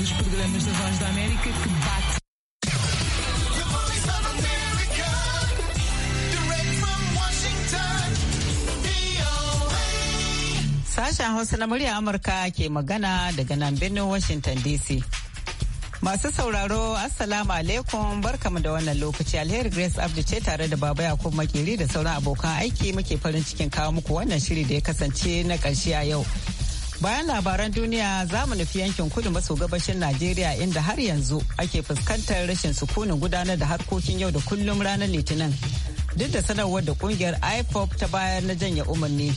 dos programas da Voz da América que bate. Sashen Hausa na murya Amurka ke magana daga nan birnin Washington DC. Masu sauraro, Assalamu alaikum barkamu da wannan lokaci alheri Grace Abdu ce tare da Baba Yakubu Makeri da sauran abokan aiki muke farin cikin kawo muku wannan shiri da ya kasance na ƙarshe a yau. Bayan labaran duniya za mu nufi yankin kudu maso gabashin Najeriya inda har yanzu ake fuskantar rashin sukunin gudanar da harkokin yau da kullum ranar Litinin. Duk da sanarwar da kungiyar IPOP ta bayar na janye umarni.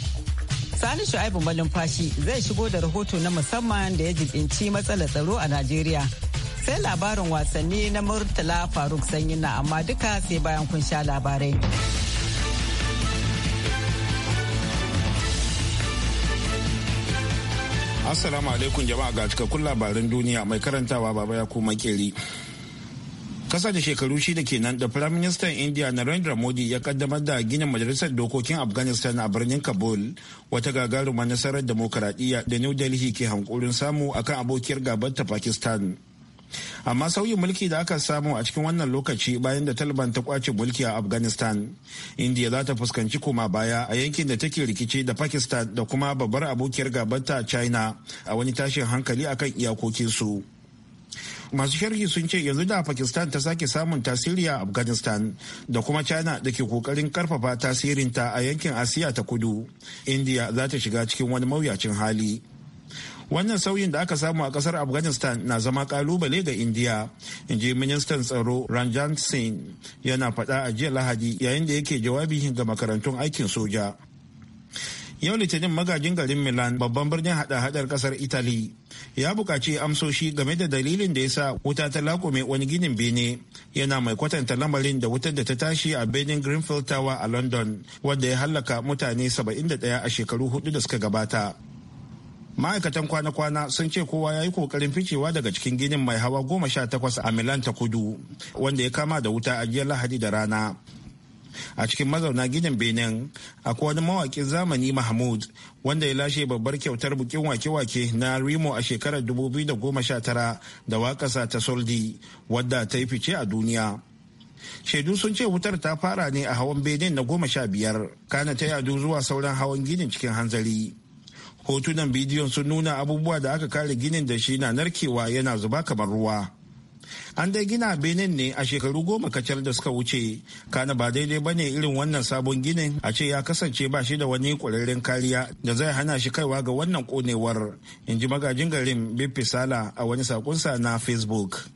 Sani Shu'aibu Malumfashi zai shigo da rahoto na musamman da ya jibinci matsalar tsaro a Najeriya. Sai labarin wasanni na Murtala Faruk Sanyi na amma duka sai bayan kun sha labarai. Assalamu alaikum jama'a ga cikakkun labaran duniya mai karantawa baba ya kuma keri. Kasa da shekaru shida kenan da Prime Minister India Narendra Modi ya kaddamar da gina majalisar dokokin Afghanistan a birnin Kabul wata gagarumar nasarar demokuraɗiyya da New Delhi ke hankulin samu akan abokiyar gabar ta Pakistan. amma sauyin mulki da aka samu a cikin wannan lokaci bayan da taliban ta kwace mulki a afghanistan india za ta fuskanci koma baya a yankin da take rikici da pakistan da kuma babbar abokiyar gabanta china a wani tashin hankali akan iyakokinsu masu sharhi sun ce yanzu da pakistan ta sake samun tasiri a afghanistan da kuma china da ke kokarin karfafa tasirinta a yankin asiya ta kudu india za ta shiga cikin wani mawuyacin hali wannan sauyin da aka samu a kasar afghanistan na zama kalubale ga indiya in ji ministan tsaro ranjan singh yana faɗa a jiya lahadi yayin da yake jawabi ga makarantun aikin soja yau litinin magajin garin milan babban birnin hada-hadar kasar italy ya bukaci amsoshi game da dalilin da ya sa wuta ta lakume wani ginin bene yana mai kwatanta lamarin da wutar da ta tashi a benin greenfield tower a london wanda ya hallaka mutane 71 a shekaru hudu da suka gabata ma'aikatan kwana-kwana sun ce kowa ya yi kokarin ficewa daga cikin ginin mai hawa goma sha takwas a milan ta kudu wanda ya kama da wuta a jiya lahadi da rana a cikin mazauna ginin benin akwai wani mawakin zamani mahmud wanda ya lashe babbar kyautar bukin wake-wake na rimo a shekarar dubu biyu da goma sha tara da wakasa ta soldi wadda ta yi fice a duniya shaidu sun ce wutar ta fara ne a hawan benin na goma sha biyar kana ta yadu zuwa sauran hawan ginin cikin hanzari hotunan bidiyon sun nuna abubuwa da aka kare ginin da shi na narkewa yana zuba kamar ruwa an dai gina benin ne a shekaru goma kacal da suka wuce kana ba daidai ba ne irin wannan sabon ginin a ce ya kasance ba shi da wani kwararren kariya da zai hana shi kaiwa ga wannan konewar in ji magajin garin bipisala a wani sakonsa na facebook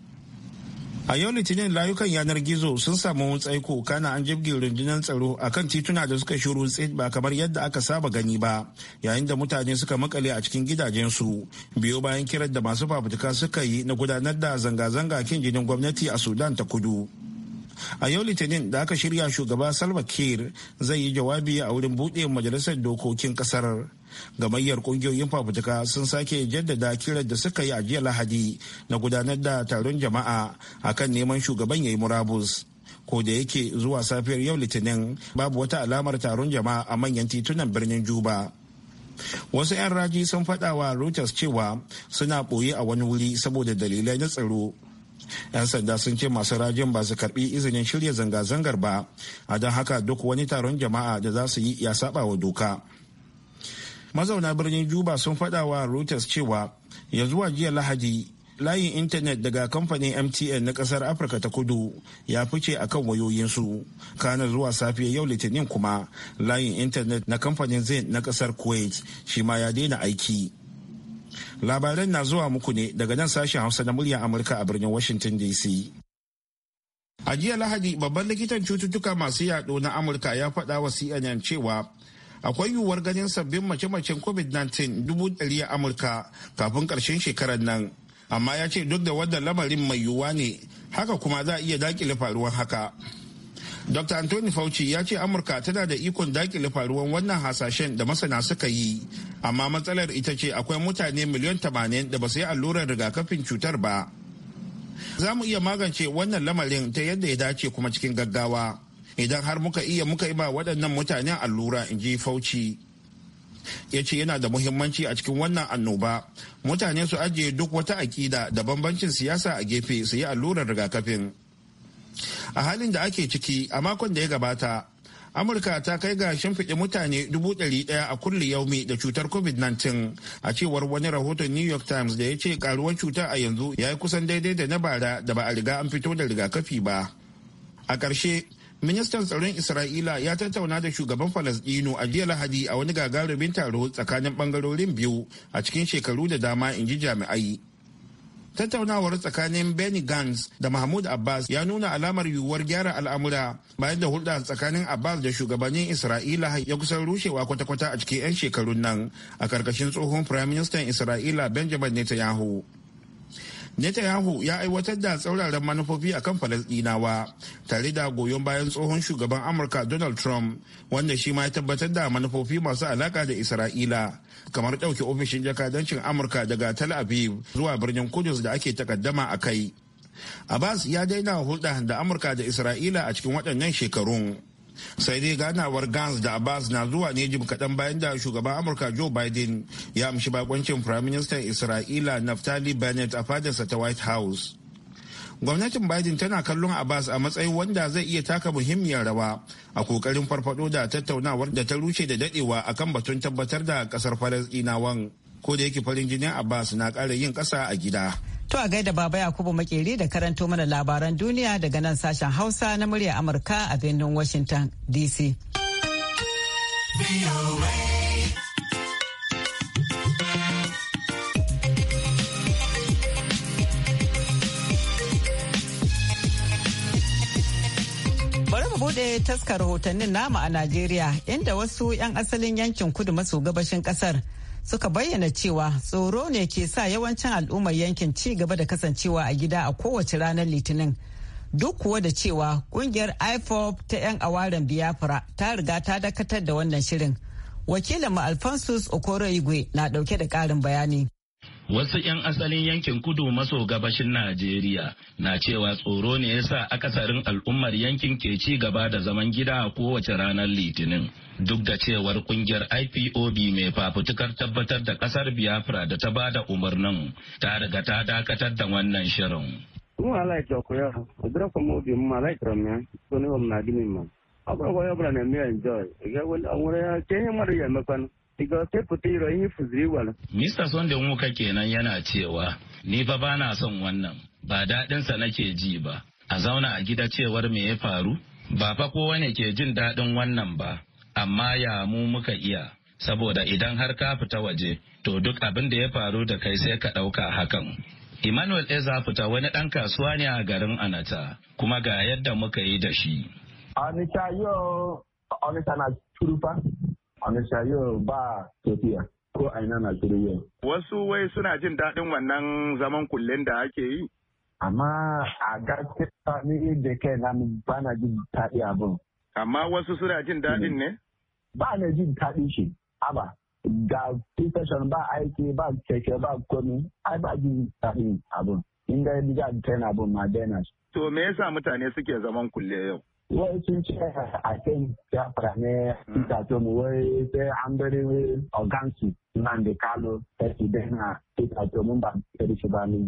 a yau litinin layukan yanar gizo sun samu tsaiko kana an jibge rundunar tsaro a kan tituna da suka shiru tse ba kamar yadda aka saba gani ba yayin da mutane suka makale a cikin gidajensu biyo bayan kiran da masu fafutuka suka yi na gudanar da zanga-zanga kin jinin gwamnati a sudan ta kudu a yau litinin da aka shirya shugaba salva kiir zai yi jawabi a wurin buɗe majalisar dokokin kasar gamayyar kungiyoyin fafutuka sun sake jaddada kiran da suka yi a jiya lahadi na gudanar da taron jama'a a kan neman shugaban ya yi murabus ko da yake zuwa safiyar yau litinin babu wata alamar taron jama'a a manyan titunan birnin juba wasu 'yan raji sun faɗa wa reuters cewa suna ɓoye a wani wuri saboda dalilai na tsaro 'yan sanda sun ce masu rajin ba su karbi izinin shirya zanga-zangar ba a don haka duk wani taron jama'a da za su yi ya saba wa doka mazauna birnin juba sun faɗa wa reuters cewa ya zuwa jiya lahadi layin intanet daga kamfanin mtn na kasar afirka ta kudu ya fice akan wayoyinsu kana zuwa safiya yau litinin kuma layin intanet na kamfanin zain na kasar kuwait shi ma ya daina aiki labaran na zuwa muku ne daga nan sashen hausa na muryar amurka a birnin washington dc a jiya lahadi babban likitan cututtuka masu yaɗo na amurka ya faɗa wa cnn cewa akwai yiwuwar ganin sabbin mace-macen covid-19 dubu ɗari a amurka kafin ƙarshen shekarar nan amma ya ce duk da wadda lamarin mai yiwuwa ne haka kuma za a iya dakile faruwan haka dr anthony fauci ya ce amurka tana da ikon dakile faruwan wannan hasashen da masana suka yi amma matsalar ita ce akwai mutane miliyan tamanin da ba su yi allurar rigakafin cutar ba za mu iya magance wannan lamarin ta yadda ya dace kuma cikin gaggawa idan har muka iya muka yi ba waɗannan mutane allura in ji fauci ya ce yana da muhimmanci a cikin wannan annoba mutane su ajiye duk wata aƙida da bambancin siyasa a gefe su yi allurar rigakafin a halin da ake ciki a makon da ya gabata amurka ta kai ga shimfiɗe mutane dubu ɗari ɗaya a kulli yaumi da cutar covid-19 a cewar wani rahoton new york times da ya ce karuwar cuta a yanzu ya yi kusan daidai da na bara da ba a riga an fito da rigakafi ba a ƙarshe ministan tsaron isra'ila ya tattauna da shugaban falasdino a jiya lahadi a wani gagarumin taro tsakanin bangarorin biyu a cikin shekaru da dama in ji jami'ai tattaunawar tsakanin benny gans da mahmud abbas ya nuna alamar yiwuwar gyara al'amura bayan da hulɗa tsakanin abbas da shugabannin isra'ila ya kusan rushewa kwata-kwata a cikin 'yan shekarun nan a karkashin tsohon firaministan isra'ila benjamin netanyahu Netanyahu ya aiwatar da tsauraran manufofi akan kan Falasɗinawa tare da goyon bayan tsohon shugaban Amurka Donald Trump wanda shi ma ya tabbatar da manufofi masu alaka da Isra'ila kamar ɗauke ofishin jakadancin Amurka daga Tel Aviv zuwa birnin Kudus da ake takaddama a kai. Abbas ya daina hulɗa da Amurka da Isra'ila a cikin waɗannan shekarun. sai dai ganawar gans da abbas na zuwa ne jim kaɗan bayan da shugaban amurka joe biden ya amshi bakoncin Prime Minister isra'ila naftali bennett a fadarsa ta white house gwamnatin biden tana kallon abbas a matsayin wanda zai iya taka muhimmiyar rawa a kokarin farfado da tattaunawar da ta rushe da dadewa akan batun tabbatar da kasar falasdinawan ko da yake farin jinin abbas na ƙara yin ƙasa a gida To a gaida Baba Yakubu Makeri da karanto mana labaran duniya daga nan sashen Hausa na murya Amurka a birnin Washington DC. bude taskar rahotannin nama a Najeriya inda wasu 'yan asalin yankin kudu maso gabashin kasar suka bayyana cewa tsoro ne ke sa yawancin al'ummar yankin ci gaba da kasancewa a gida a kowace ranar litinin duk kuwa da cewa kungiyar ifob ta 'yan awaren biafra ta riga ta dakatar da wannan shirin wakilin ma alphonsus okoro igwe na dauke da karin bayani Wasu 'yan asalin yankin kudu maso gabashin Najeriya na cewa tsoro ne ya sa akasarin al'ummar yankin ke ci gaba da zaman gida a kowace ranar Litinin. duk da cewar kungiyar ipob mai fafutukar tabbatar da kasar biafra da ta bada umarnin ta riga ta dakatar da wannan shirin Mun ala ijokoya, odira kwa mobi mma ala ikromya, so ni wamna adimi mma. Abra kwa yobra na mia enjoy, wani wali amure ya kenye mara ya mekwano. Iga sai fita iro ya fuziri wala. Mista Sonde Muka kenan yana cewa, ni fa ba na son wannan, ba daɗinsa nake ji ba. A zauna a gida cewar me ya faru? Ba fa kowa ne ke jin daɗin wannan ba. amma ya mu muka iya saboda idan har ka fita waje to duk abin da ya faru da kai sai ka ɗauka hakan Emmanuel Eza fita wani ɗan kasuwa ne a garin Anata kuma ga yadda muka yi da shi. Onitsha yau Onitsha na turufa, ba tafiya. ko aina na Wasu wai suna jin daɗin wannan zaman kullen da ake yi? Amma a gaskiya ni da kai na ba na jin daɗi abin. Amma wasu suna jin daɗin ne? ba na jin taɗi shi aba ga station ba aiki ba keke ba komi ai ba jin taɗi abun in ga ta yana abun ma daina to me yasa mutane suke zaman kulle yau wai sun ce a kan ya ne ita to mu wai sai an bari ogansu nan da kalo ta ci na ita to mun ba ta rishi ba ni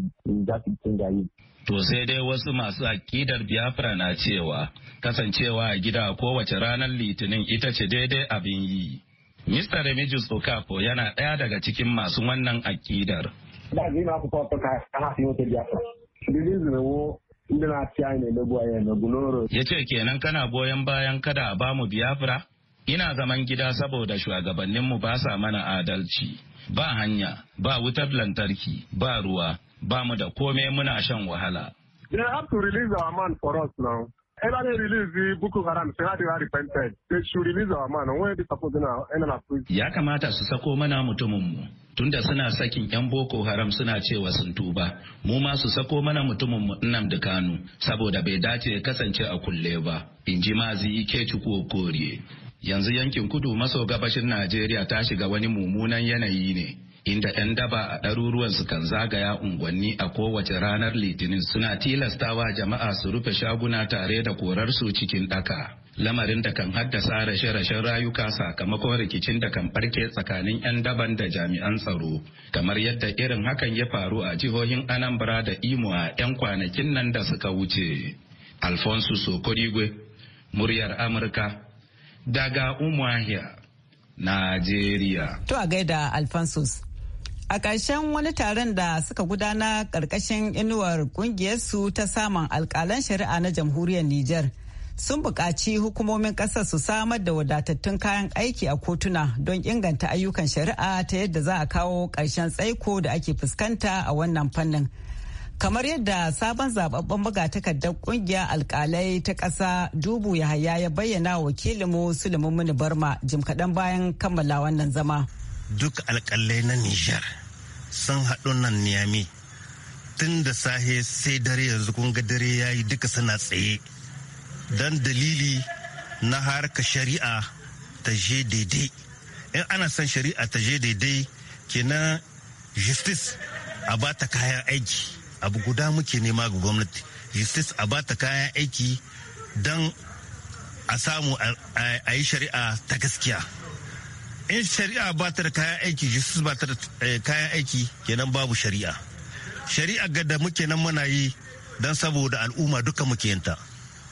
za su cin yi. To sai dai wasu masu akidar Biafra na cewa kasancewa a gida kowace ranar litinin ita ce daidai abin yi. Mista remigius okafo yana ɗaya daga cikin masu wannan akidar. Ina zai ma ku kwakwaka a hafi wata Biafra. Release the war inda na ci ne na na gunoro. Ya ce kenan kana goyon bayan kada a bamu biyafra? Ina zaman gida saboda shugabanninmu ba sa mana adalci. Ba hanya, ba wutar lantarki, ba ruwa, ba mu da komai muna shan wahala. They have to release our man for us now. Era release Boko Haram sai hadi hadi fented. They should release our man where they support na na Ya kamata su sako mana mutumin Tunda suna sakin yan Boko Haram suna cewa sun tuba. muma su sako mana mutumin mu Nnamdi Kanu saboda bai dace ya kasance a kulle ba. In ji mazi Ike Chukwuokoriye. Yanzu yankin kudu maso gabashin Najeriya ta shiga wani mummunan yanayi ne. inda 'yan daba a ɗaruruwan su kan zagaya unguwanni a kowace ranar litinin suna tilastawa jama'a su rufe shaguna tare da korarsu cikin ɗaka. Lamarin da kan haddasa rashe-rashen rayuka sakamakon rikicin da kan barke tsakanin 'yan daban da jami'an tsaro, kamar yadda irin hakan ya faru a jihohin Anambra da Imo a 'yan kwanakin nan da suka wuce. Alfonso Sokorigwe, muryar Amurka, daga Umuahia, Najeriya. To a gaida Alfonsus. A ƙarshen wani taron da suka gudana ƙarƙashin inuwar ƙungiyarsu ta samun alƙalan shari'a na jamhuriyar Nijar. Sun buƙaci hukumomin ƙasar su samar da wadatattun kayan aiki a kotuna don inganta ayyukan shari'a ta yadda za a kawo ƙarshen tsaiko da ake fuskanta a wannan fannin. Kamar yadda sabon zababben takardar ƙungiyar alƙalai ta ƙasa Dubu Yahaya ya bayyana wakilinmu Sulemin Mini Barma jim kaɗan bayan kammala wannan zama. duk alƙalai na nijar sun haɗu nan niyami tun da sahe sai dare yanzu kun ga dare ya yi duka suna tsaye don dalili na harka shari'a ta je daidai in ana son shari'a ta je daidai kenan justice a ba ta kayan aiki abu guda muke nema ga gwamnati justice a ba ta kayan aiki don a samu a yi shari'a ta gaskiya in shari'a ba ta da kayan aiki justice ba ta da eh, kayan aiki kenan babu shari'a shari'a ga da muke nan muna yi don saboda al'umma duka muke yinta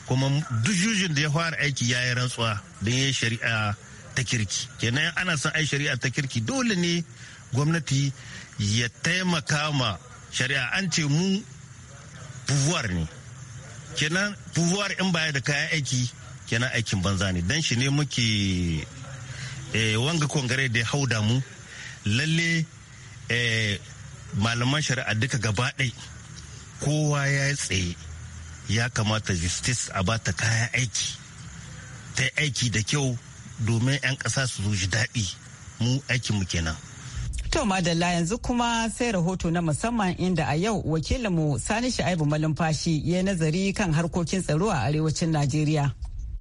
kuma duk jujin da ya fara aiki ya yi rantsuwa don yin shari'a ta kirki kenan ana son ai shari'a ta kirki dole ne gwamnati ya taimaka ma shari'a an ce mu buwar ne kenan buwar in baya da kayan aiki kenan aikin banza ne don shi ne muke Eh, wanga kongare da ya hau da mu lalle eh, malaman shari'a duka gaba ɗai kowa ya tsaye ya kamata justice a bata kayan aiki ta aiki da kyau domin 'yan ƙasa su ji daɗi mu aikinmu kenan To madalla yanzu kuma sai rahoto na musamman inda a yau wakilinmu Sani Sha'ibu Malumfashi ya nazari kan harkokin tsaro a arewacin Najeriya.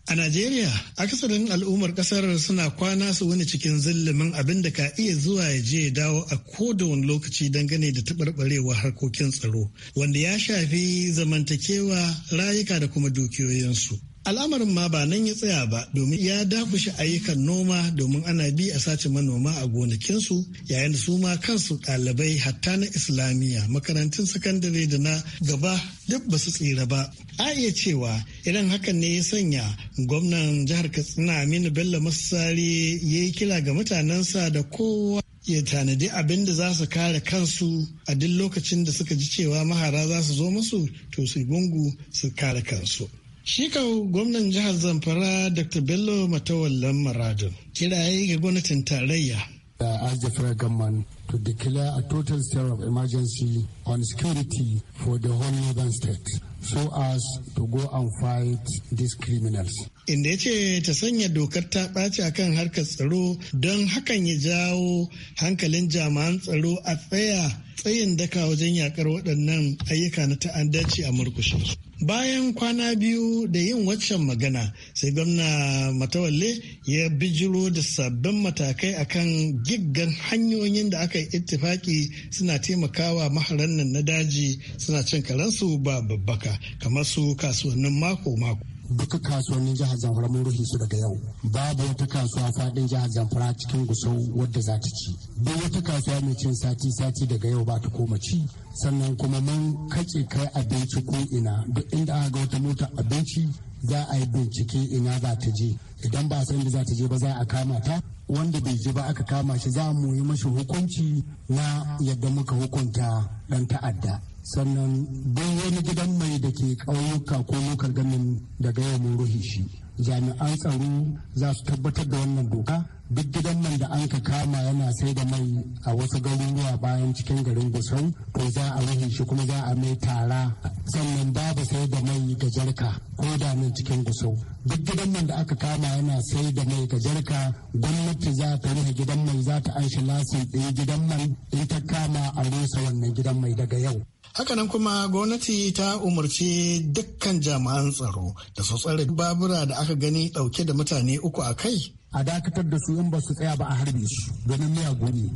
A Najeriya, akasarin al'ummar kasar suna kwana su wani cikin zillimin abin da ka iya zuwa ya je ya dawo a wani lokaci dangane da taɓarɓarewa harkokin tsaro, wanda ya shafi zamantakewa rayuka da kuma dukiyoyinsu. al'amarin ma ba nan ya tsaya ba domin ya dakushe ayyukan noma domin ana bi a sace manoma a gonakinsu yayin da su ma kansu ɗalibai hatta na islamiyya makarantun sakandare da na gaba duk ba su tsira ba a iya cewa idan hakan ne ya sanya gwamnan jihar katsina aminu bello masari ya yi kira ga mutanensa da kowa ya tanadi abin da za su kare kansu a duk lokacin da suka ji cewa mahara za su zo musu to su gungu su kare kansu Shi kawo gwamnan jihar Zamfara Dr. Bello Matawallan Maradun kiraye ga gwamnatin tarayya. Da as the federal government to declare a total state of emergency on security for the whole northern state so as to go and fight these criminals. Inda ya ce ta sanya dokar ta ɓaci a kan harkar tsaro don hakan ya jawo hankalin jami'an tsaro a tsaya tsayin daka wajen yakar waɗannan ayyuka na ta'addanci a murkushe. bayan kwana biyu da yin waccan magana sai gwamna matawalle ya bijiro da sabbin matakai akan giggan hanyoyin da aka yi ittifaki suna taimakawa maharan nan na daji suna cin karansu ba babbaka kamar su kasuwannin mako-mako duka kasuwannin jihar zamfara mun rufe su daga yau babu wata kasuwa fadin jihar zamfara cikin gusau wadda za ta ci duk wata kasuwa mai cin sati sati daga yau ba ta koma ci sannan kuma mun kake kai abinci ko ina duk inda aka ga wata mota abinci za a yi bincike ina za ta je idan ba san da za ta je ba za a kama ta wanda bai je ba aka kama shi za mu yi mashi hukunci na yadda muka hukunta dan ta'adda sannan duk wani gidan mai da ke ƙauyuka ko lokar ganin daga yau mun ruhi shi jami'an tsaro za su tabbatar da wannan doka duk gidan nan da an ka kama yana sai da mai a wasu garuruwa bayan cikin garin gusau to za a ruhi shi kuma za a mai tara sannan babu sai da mai ga jarka ko da nan cikin gusau duk gidan nan da aka kama yana sai da mai ga jarka gwamnati za ta ruhe gidan mai za ta an shi lasin ɗaya gidan man in ta kama a rusa wannan gidan mai daga yau Hakanan kuma gwamnati ta umarci dukkan jami'an tsaro da su tsare babura da aka gani ɗauke da mutane uku a kai. A dakatar da su in ba su tsaya ba a harbe su ganin miya gumi.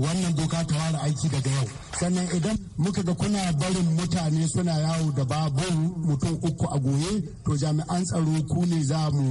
wannan doka ta fara aiki daga yau sannan idan muka ga kuna barin mutane suna yawo da babur mutum uku a goye to jami'an tsaro ku ne za mu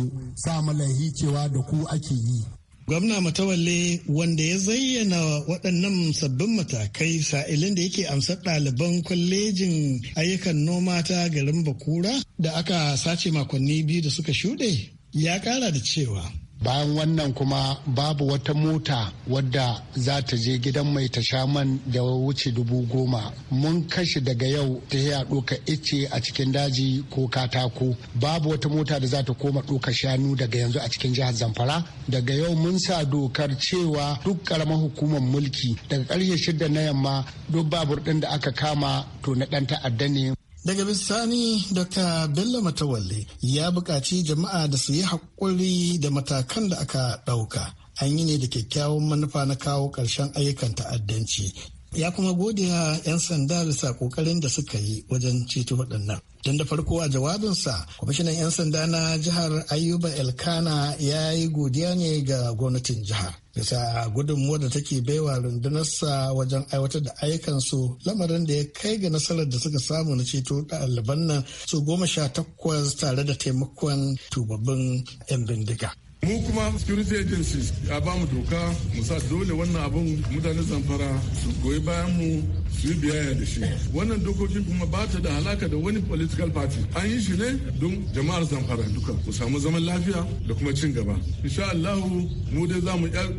sa malahi cewa da ku ake yi Gwamna Matawalle wanda ya zayyana waɗannan sabbin matakai sa'ilin da yake amsar ɗaliban kwalejin ayyukan noma ta garin Bakura da aka sace makonni biyu da suka shuɗe ya ƙara da cewa bayan wannan kuma babu wata mota wadda za ta je gidan mai ta sha man da wuce dubu goma mun kashe daga yau ta ya ɗoka ice a cikin daji ko katako babu wata mota da za ta koma ɗoka shanu daga yanzu a cikin jihar zamfara daga yau mun sa dokar cewa duk karamar hukumar mulki daga karshe shidda na yamma duk babur ɗin da aka kama to na ɗan ta'adda ne daga bisani dr bello matawalle ya buƙaci jama'a da su yi haƙuri da matakan da aka ɗauka an yi ne da kyakkyawan manufa na kawo ƙarshen ayyukan ta'addanci ya kuma gode 'yan sanda bisa ƙoƙarin da suka yi wajen ceto waɗannan Tun da farko a jawabinsa, kwamishinan 'yan sanda na jihar Ayuba Elkana ya yi godiya ne ga gwamnatin jihar. Bisa gudunmuwa da take baiwa rundunarsa wajen aiwatar da ayyukansu lamarin da ya kai ga nasarar da suka samu na ceto ɗaliban nan su goma sha takwas tare da taimakon tubabbin 'yan bindiga. mu kuma security agencies ya ba mu doka mu sa dole wannan abun mutane zamfara su goyi bayan mu su yi biyayya da shi wannan dokoki kuma ba ta da alaka da wani political party an yi shi ne don jama'ar zamfara duka ku samu zaman lafiya da kuma cin gaba insha Allahu mu dai za mu yar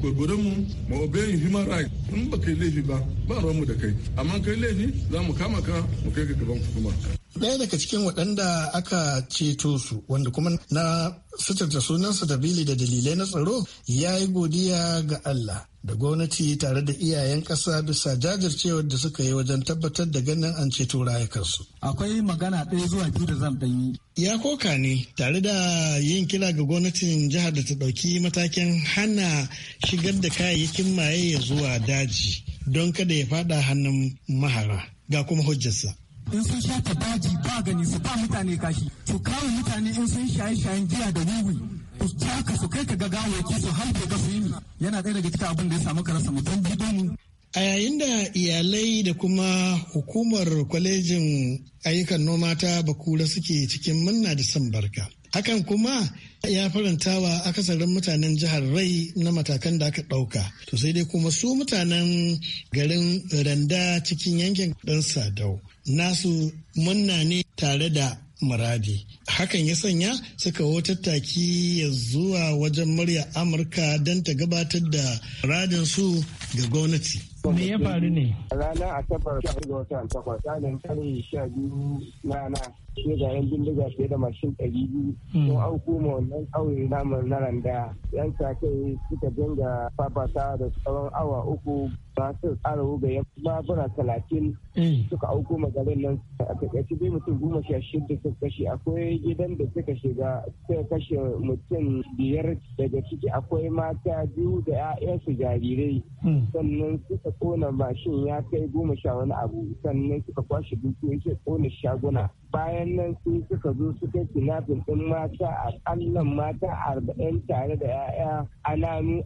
gurgurun mu mu obeying human rights in ba kai laifi ba ba ruwan mu da kai amma kai laifi za mu kama ka mu kai ka gaban hukuma Daya daga cikin waɗanda aka ceto su wanda kuma na suturta sunansa da bili da dalilai na tsaro ya yi godiya ga Allah da gwamnati tare da iyayen ƙasa bisa jajircewar da suka yi wajen tabbatar da ganin an ceto rayukansu. Akwai magana ɗaya zuwa biyu da zan ɗanyi. Ya koka ne tare da yin kira ga gwamnatin jihar da ta ɗauki matakin hana shigar da kayayyakin maye zuwa daji don kada ya faɗa hannun mahara ga kuma hujjarsa. in sun shata daji ba gani su ba mutane kashi su kawo mutane in sun shaye shayen giya da wiwi su taka su kai ka ga gawaki su haife ga su yana ɗaya daga cikin abin da ya samu karasa mutum gidan a yayin da iyalai da kuma hukumar kwalejin ayyukan noma ta bakura suke cikin murna da san barka hakan kuma ya farantawa akasarin mutanen jihar rai na matakan da aka ɗauka to sai dai kuma su mutanen garin randa cikin yankin dan sadau nasu munna ne tare da muradi hakan ya sanya suka taki ya zuwa wajen murya amurka don ta gabatar da muradinsu ga gwamnati Me ya faru ne? Ranar Asabar sha hudu watan takwas, ranar karni sha biyu rana. Sai ga yan bindiga fiye da mashin ɗari biyu. Hmm. Sun auku ma wannan ƙauye namun na randa. Yan sa kai suka dinga fafata da tsawon awa uku ba su tsara ga ya bura talatin eh. suka auko magarin nan a takaice bai mutum goma sha shida suka kashe akwai gidan da suka shiga suka kashe mutum biyar daga ciki akwai mata biyu da 'ya'yansu jarirai hmm. sannan suka kona mashin ya kai goma sha wani abu sannan suka kwashe dukiyoyi suka kona shaguna bayan nan sun suka zo suka kinafin ɗin mata a ƙallon mata arba'in tare da 'ya'ya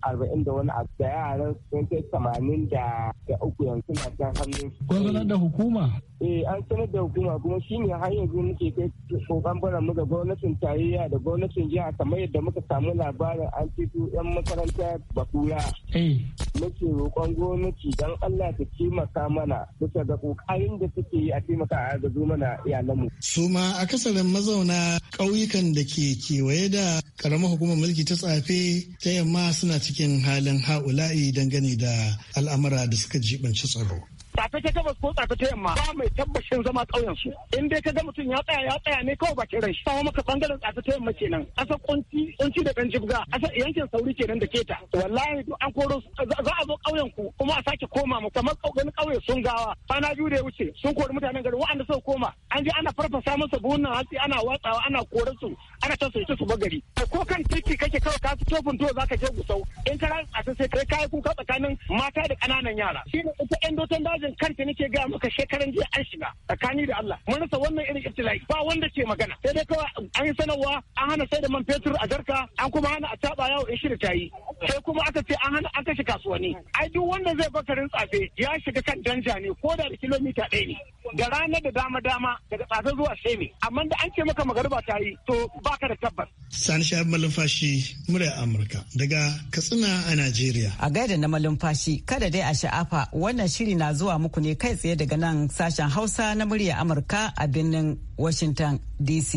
arba'in da wani abu da yaran sun kai tamanin da uku yanzu na can hannun. Kun da hukuma? Eh an sanar da hukuma kuma shi ne har yanzu muke kai kokan bara muga gwamnatin tarayya da gwamnatin jiha kamar yadda muka samu labarin an fito 'yan makaranta bakura. Eh. Muke roƙon gwamnati don Allah ta taimaka mana bisa ga ƙoƙarin da suke yi a taimaka a agazo mana iyalanmu. su ma akasarin mazauna ƙauyukan da ke kewaye da karamar hukumar mulki ta tsafe ta yamma suna cikin halin ha'ula'i dangane da al'amura da suka jibanci tsaro. tsafe ta gabas ko tsaka ta yamma ba mai tabbashin zama ƙauyen su in dai ka ga mutum ya tsaya ya tsaya ne kawai bakin rai kawo maka bangaren tsaka ta yamma kenan asar kunci kunci da dan jibga asa yankin sauri kenan da keta wallahi duk an koro za a zo ƙauyen ku kuma a sake koma mu kamar ƙauyen ƙauye sun gawa kwana biyu da ya wuce sun kori mutanen gari wa'anda suka koma an je ana farfasa masa buhunan hatsi ana watsawa ana korar su ana ta su ba gari ko kan titi kake kawai ka fito funto zaka je gusau in ka rantsa sai kai kai kuka tsakanin mata da ƙananan yara shine ita doton daji gwamnatin kanta nake ga maka shekaran jiya an shiga tsakani da Allah mun rasa wannan irin ibtila'i ba wanda ke magana sai dai kawai an yi sanarwa an hana sai da man fetur a jarka an kuma hana a taba yawo in shirya tayi sai kuma aka ce an hana an kashe kasuwanni ai duk wanda zai bakarin tsafe ya shiga kan danja ne ko da kilomita ɗaya ne da rana da dama dama daga tsasa zuwa shemi amma da an ce maka magariba ta yi to baka da tabbas sani sha malumfashi murya amurka daga katsina a najeriya a gaida na malumfashi kada dai a sha'afa wannan shiri na zuwa muku ne kai tsaye daga nan sashen hausa na murya amurka a birnin washington dc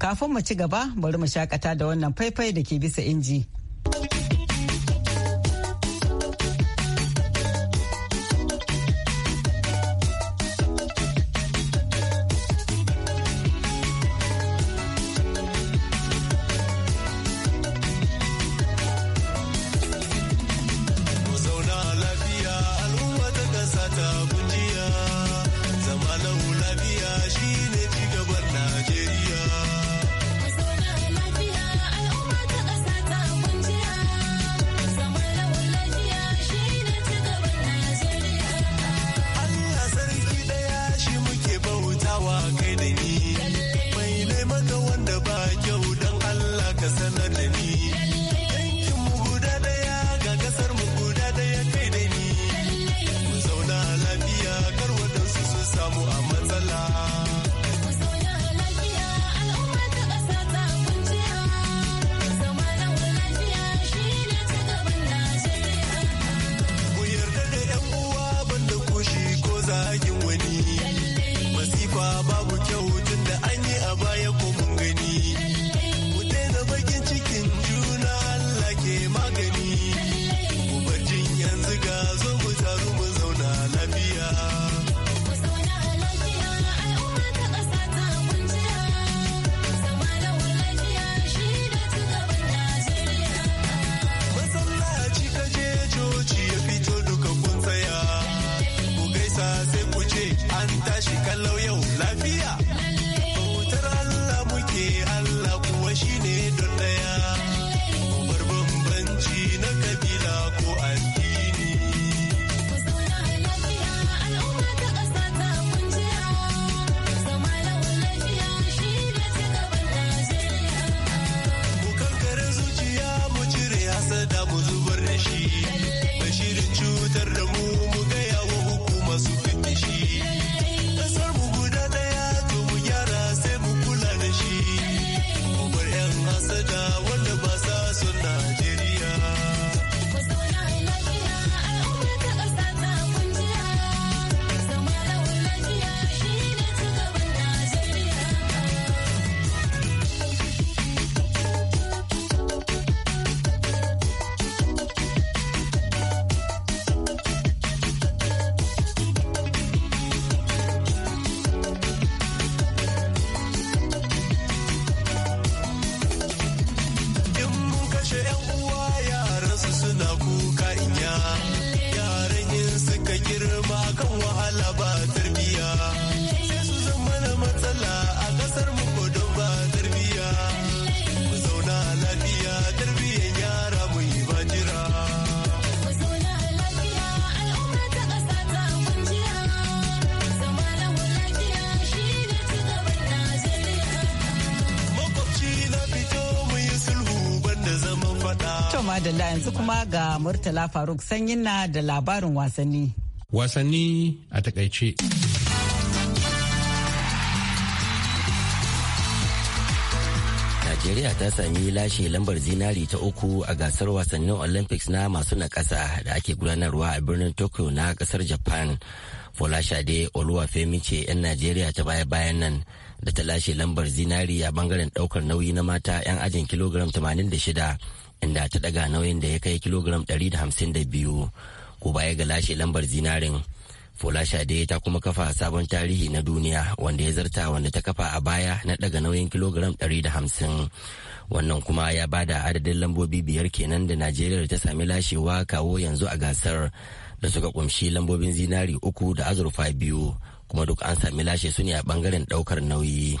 kafin mu ci gaba bari mu shakata da wannan faifai da ke bisa inji. Murtala Faruk Sanyin na da labarin wasanni. Wasanni a takaice. Najeriya ta sami lashe lambar zinari ta uku a gasar wasannin Olympics na masu na ƙasa da ake gudanarwa a birnin Tokyo na ƙasar Japan. Folashade Oluwafemi ce 'yan Najeriya ta baya-bayan nan da ta lashe lambar zinari a bangaren ɗaukar nauyi na mata 'yan ajin kilogram 86 inda ta daga nauyin da ya kai kilogram 152 ko baya ga lashe lambar zinarin folasha shade ta kuma kafa sabon tarihi na duniya wanda ya zarta wanda ta kafa a baya na daga nauyin kilogram 150 wannan kuma ya bada adadin lambobi biyar kenan da najeriya ta sami lashewa kawo yanzu a gasar da suka kumshi lambobin zinari uku da azurfa biyu kuma duk an sami lashe su ne a bangaren daukar nauyi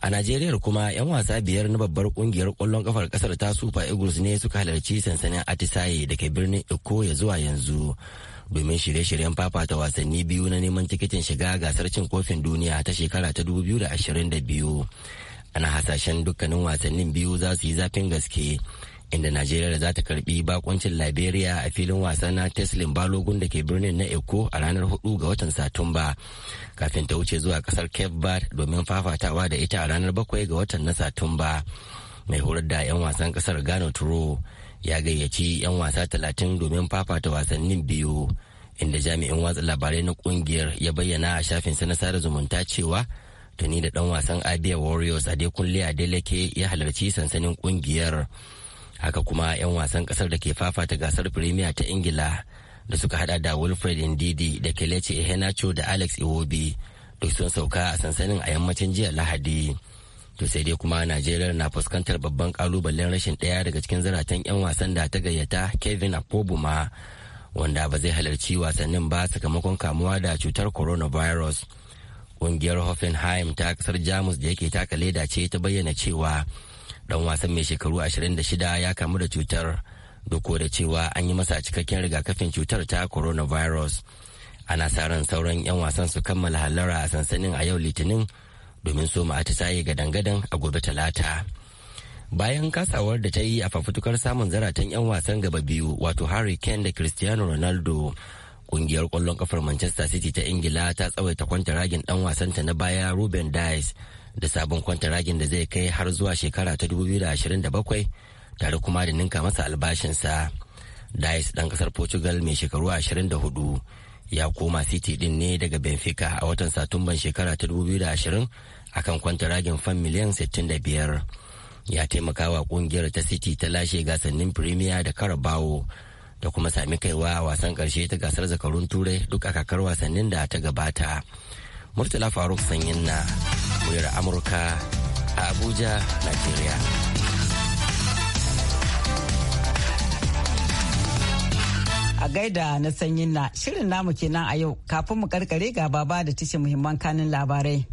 a najeriya kuma yan wasa biyar na babbar kungiyar kwallon kafar ƙasar ta super eagles ne suka halarci sansanin atisaye daga ke birnin ya zuwa yanzu domin shirye-shiryen fafata wasanni biyu na neman tikitin shiga gasar cin kofin duniya ta shekara ta 2022 ana hasashen dukkanin wasannin biyu za su yi zafin gaske inda najeriya za ta karbi bakoncin liberia a filin wasa na teslin balogun da ke birnin na eko a ranar 4 ga watan satumba kafin ta wuce zuwa kasar cape verde domin fafatawa da ita a ranar 7 ga watan na satumba mai horar da 'yan wasan kasar gano turo ya gayyaci 'yan wasa 30 domin fafata wasannin biyu inda jami'in watsa labarai na kungiyar ya bayyana a shafinsa na sada zumunta cewa tuni da dan wasan abia warriors adekunle adeleke ya halarci sansanin kungiyar haka kuma 'yan wasan kasar da ke fafata gasar firimiya ta ingila da suka hada da wilfred ndidi da kelechi ihenacho da alex iwobi duk sun sauka a sansanin a yammacin jiya lahadi to sai dai kuma najeriya na fuskantar babban kalubalen rashin daya daga cikin zaratan 'yan wasan da ta gayyata kevin akpobuma wanda ba zai halarci wasannin ba sakamakon kamuwa da cutar coronavirus ƙungiyar hoffenheim ta kasar jamus da yake taka leda ce ta bayyana cewa dan wasan mai shekaru 26 ya kamu da cutar doko da cewa an yi masa cikakken rigakafin cutar ta coronavirus ana sa ran sauran 'yan wasan su kammala halara a sansanin a yau litinin domin so ma atisaye ga dangadan a gobe talata bayan kasawar da ta yi a fafutukar samun zaratan 'yan wasan gaba biyu wato harry kane da cristiano ronaldo kungiyar kwallon kafar manchester city ta ingila ta tsawaita kwanta ragin dan wasanta na baya ruben dice da sabon kwantaragin da zai kai har zuwa shekara ta 2027 tare kuma da ninka masa albashinsa dais ɗan ƙasar portugal mai shekaru 24 ya koma city ɗin ne daga benfica a watan satumban shekara ta 2020 akan kwantaragin fan miliyan 65 ya taimaka wa kungiyar ta city ta lashe gasannin premier da karabawo da kuma sami kaiwa a wasan karshe ta gasar zakarun turai duk a kakar wasannin da ta gabata murtala faruk sanyin na Jamhuriyar Amurka a Abuja, nigeria. A gaida na sanyin na shirin namu kenan a yau kafin mu karkare ga baba da tishe muhimman kanin labarai.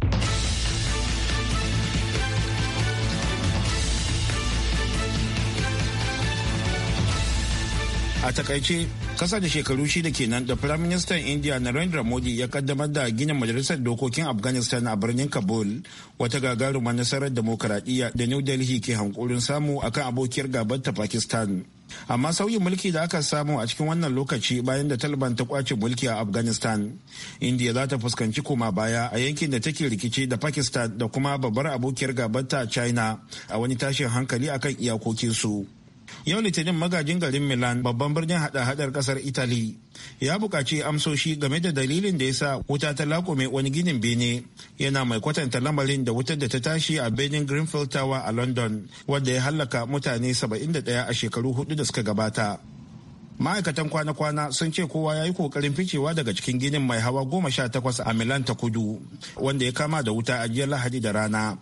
a takaice kasa da shekaru shida kenan da prime minister india narendra modi ya kaddamar da gina majalisar dokokin afghanistan a birnin kabul wata gagarumar nasarar demokuraɗiyya da new delhi ke hankulin samu akan abokiyar gabar ta pakistan amma sauyin mulki da aka samu a cikin wannan lokaci bayan da taliban ta kwace mulki a afghanistan india za ta fuskanci koma baya a yankin da take rikici da pakistan da kuma babbar abokiyar gabar ta china a wani tashin hankali akan iyakokinsu yau litinin magajin garin milan babban birnin hada-hadar kasar italy ya buƙaci amsoshi game da dalilin da ya sa wuta ta lakome wani ginin bene yana mai kwatanta lamarin da wutar da ta tashi a benin greenfield tower a london wanda ya hallaka mutane 71 a shekaru hudu da suka gabata ma'aikatan kwana-kwana sun ce kowa ya yi kokarin ficewa daga cikin ginin mai hawa goma sha takwas a milan ta kudu wanda ya kama da wuta a jiya lahadi da rana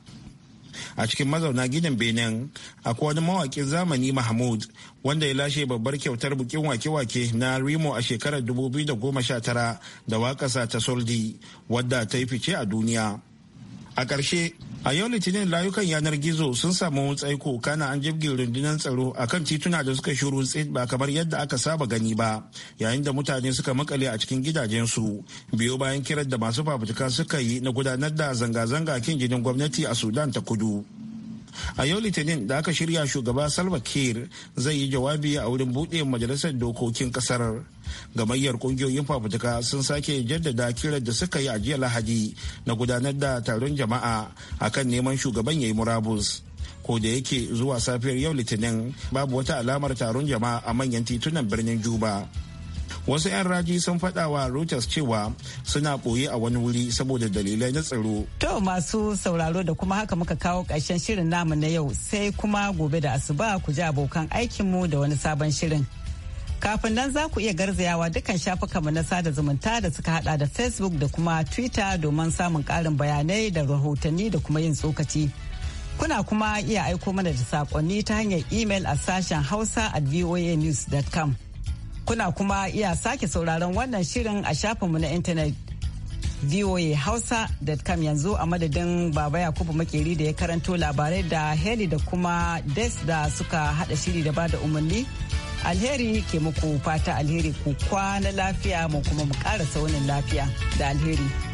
a cikin mazauna ginin benin akwai wani mawakin zamani mahmud wanda ya lashe babbar kyautar bukin wake-wake na rimo a shekarar 2019 da wakasa ta soldi wadda ta yi fice a duniya a ƙarshe a yau litinin layukan yanar gizo sun samu tsaiko kana an jibgin rundunar tsaro a kan tituna da suka shiru tsit ba kamar yadda aka saba gani ba yayin da mutane suka makale a cikin gidajensu biyo bayan kiran da masu fafutuka suka yi na gudanar da zanga-zanga kin jinin gwamnati a sudan ta kudu a yau litinin da aka shirya shugaba salva kiir zai yi jawabi a wurin buɗe majalisar dokokin ƙasar gamayyar ƙungiyoyin fafutuka sun sake jaddada kiran da suka yi a jiya lahadi na gudanar da taron jama'a a kan neman shugaban ya yi murabus ko da yake zuwa safiyar yau litinin babu wata alamar taron jama'a a manyan titunan birnin juba wasu 'yan raji sun faɗa wa reuters cewa suna ɓoye a wani wuri saboda dalilai na tsaro to masu sauraro da kuma haka muka kawo ƙarshen shirin namu na yau sai kuma gobe da asuba ku ji abokan aikinmu da wani sabon shirin kafin nan za ku iya garzayawa dukkan shafukanmu na sada zumunta da suka hada da facebook da kuma twitter domin samun karin bayanai da rahotanni da kuma yin tsokaci kuna kuma iya aiko mana da saƙonni ta hanyar email a sashen hausa at voanews.com Kuna kuma iya sake sauraron wannan shirin a shafinmu na intanet voahausa.com yanzu a madadin baba yakubu makeri da ya karanto labarai da heli da kuma des da suka hada shiri da bada umarni alheri ke muku fata alheri ku kwana lafiya mu kuma mu ƙara saunin lafiya da alheri.